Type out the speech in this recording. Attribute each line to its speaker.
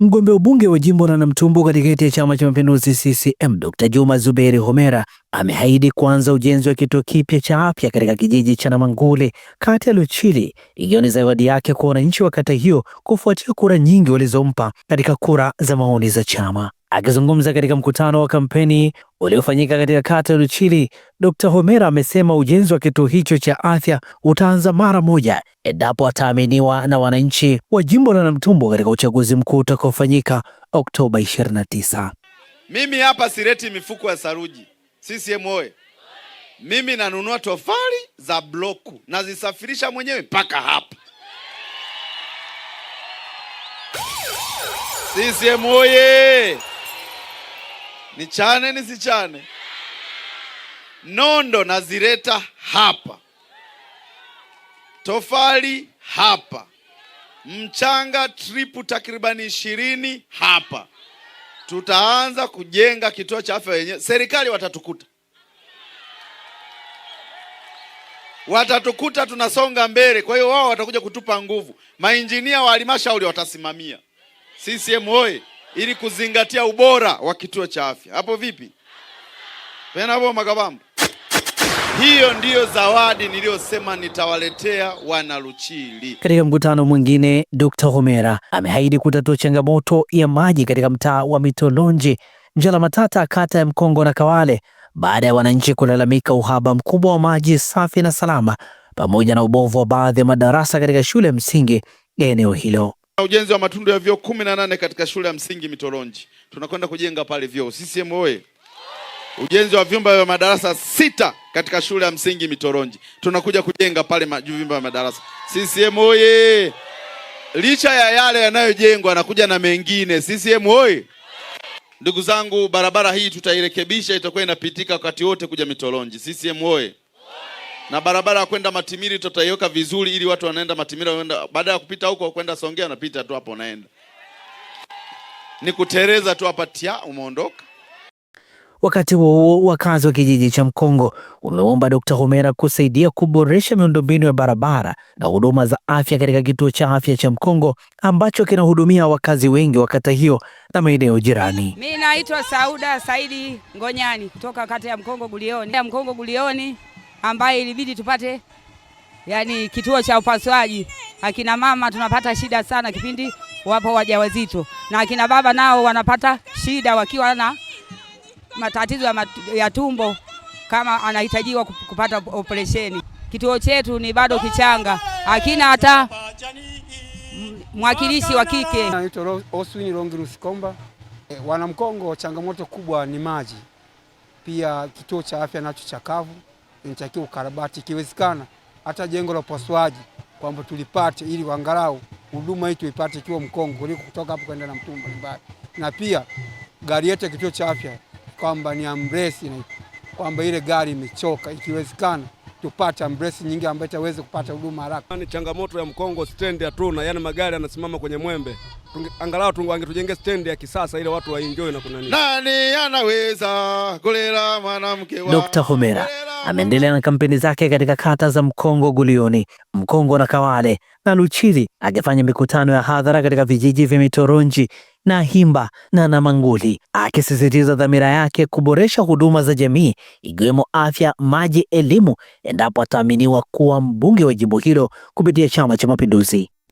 Speaker 1: Mgombea ubunge wa jimbo la Namtumbo katika ya Chama cha Mapinduzi CCM Dr. Juma Zuberi Homera ameahidi kuanza ujenzi wa kituo kipya cha afya katika kijiji cha Namangule kati ya Luchili, ikiwa ni zawadi yake kwa wananchi wa kata hiyo kufuatia kura nyingi walizompa katika kura za maoni za chama. Akizungumza katika mkutano wa kampeni uliofanyika katika kata ya Luchili, Dr. Homera amesema ujenzi wa kituo hicho cha afya utaanza mara moja endapo ataaminiwa na wananchi wa jimbo la Namtumbo katika uchaguzi mkuu utakaofanyika Oktoba 29.
Speaker 2: Mimi hapa sileti mifuko ya saruji. CCM oye! Mimi nanunua tofali za bloku nazisafirisha mwenyewe mpaka hapa. CCM oye! Nichane nisichane, nondo nazileta hapa, tofali hapa, mchanga tripu takribani ishirini hapa. Tutaanza kujenga kituo cha afya wenyewe. Serikali watatukuta, watatukuta tunasonga mbele. Kwa hiyo wao watakuja kutupa nguvu. Mainjinia wa halmashauri watasimamia. CCM oye! ili kuzingatia ubora wa kituo cha afya. Hapo vipi? Penavo Makabambo. Hiyo ndiyo zawadi niliyosema nitawaletea wanaluchili.
Speaker 1: Katika mkutano mwingine, Dr. Homera ameahidi kutatua changamoto ya maji katika mtaa wa Mitolonji, Njala Matata, kata ya Mkongo na Kawale, baada ya wananchi kulalamika uhaba mkubwa wa maji safi na salama pamoja na ubovu wa baadhi ya madarasa katika shule ya msingi ya eneo hilo.
Speaker 2: Ujenzi wa matundu ya vyoo kumi na nane katika shule ya msingi Mitoronji, tunakwenda kujenga pale vyoo. CCM oyee! Ujenzi wa vyumba vya madarasa sita katika shule ya msingi Mitoronji, tunakuja kujenga pale vyumba vya madarasa. CCM oyee! Licha ya yale yanayojengwa, anakuja na mengine. CCM oyee! Ndugu zangu, barabara hii tutairekebisha, itakuwa inapitika wakati wote kuja Mitoronji. CCM oyee! na barabara ya kwenda Matimiri tutaiweka vizuri, ili watu wanaenda Matimiri baada ya kupita huko kwenda Songea, napita tu hapo, naenda ni kutereza tu hapa, tia umeondoka.
Speaker 1: Wakati huo huo, wakazi wa kijiji cha Mkongo wameomba Dkt. Homera kusaidia kuboresha miundombinu ya barabara na huduma za afya katika kituo cha afya cha Mkongo ambacho kinahudumia wakazi wengi wa kata hiyo na maeneo jirani.
Speaker 3: Mimi naitwa Sauda Saidi Ngonyani kutoka kata ya Mkongo Gulioni. Ya Mkongo Gulioni ambayo ilibidi tupate yani kituo cha upasuaji. Akina mama tunapata shida sana kipindi wapo wajawazito, na akina baba nao wanapata shida wakiwa na matatizo ya, tumbo kama anahitajiwa kupata operesheni. Kituo chetu ni bado kichanga, akina hata mwakilishi wa kike.
Speaker 4: Naitwa Oswin Komba. Eh, wanamkongo changamoto kubwa ni maji, pia kituo cha afya nacho chakavu inatakiwa ukarabati, ikiwezekana hata jengo la upasuaji kwamba tulipate, ili angalau huduma hii tuipate ikiwa Mkongo, kuliko kutoka hapo kwenda na mtu mbalimbali, na pia gari yetu ya kituo cha afya kwamba ni ambresi, kwamba ile gari imechoka, ikiwezekana tupate ambresi nyingi ambayo itaweza kupata huduma haraka.
Speaker 2: Ni changamoto ya Mkongo, stendi hatuna, yani magari yanasimama kwenye mwembe. Angalau tungetujenge stendi ya kisasa ile watu waenjoy na kuna nini.
Speaker 5: Nani anaweza kulela mwanamke wa
Speaker 1: Dr. Homera ameendelea na kampeni zake katika kata za Mkongo Gulioni, Mkongo na Kawale na luchili akifanya mikutano ya hadhara katika vijiji vya Mitoronji na Himba na Namanguli, akisisitiza dhamira yake kuboresha huduma za jamii ikiwemo afya, maji, elimu endapo ataaminiwa kuwa mbunge wa jimbo hilo kupitia Chama cha Mapinduzi.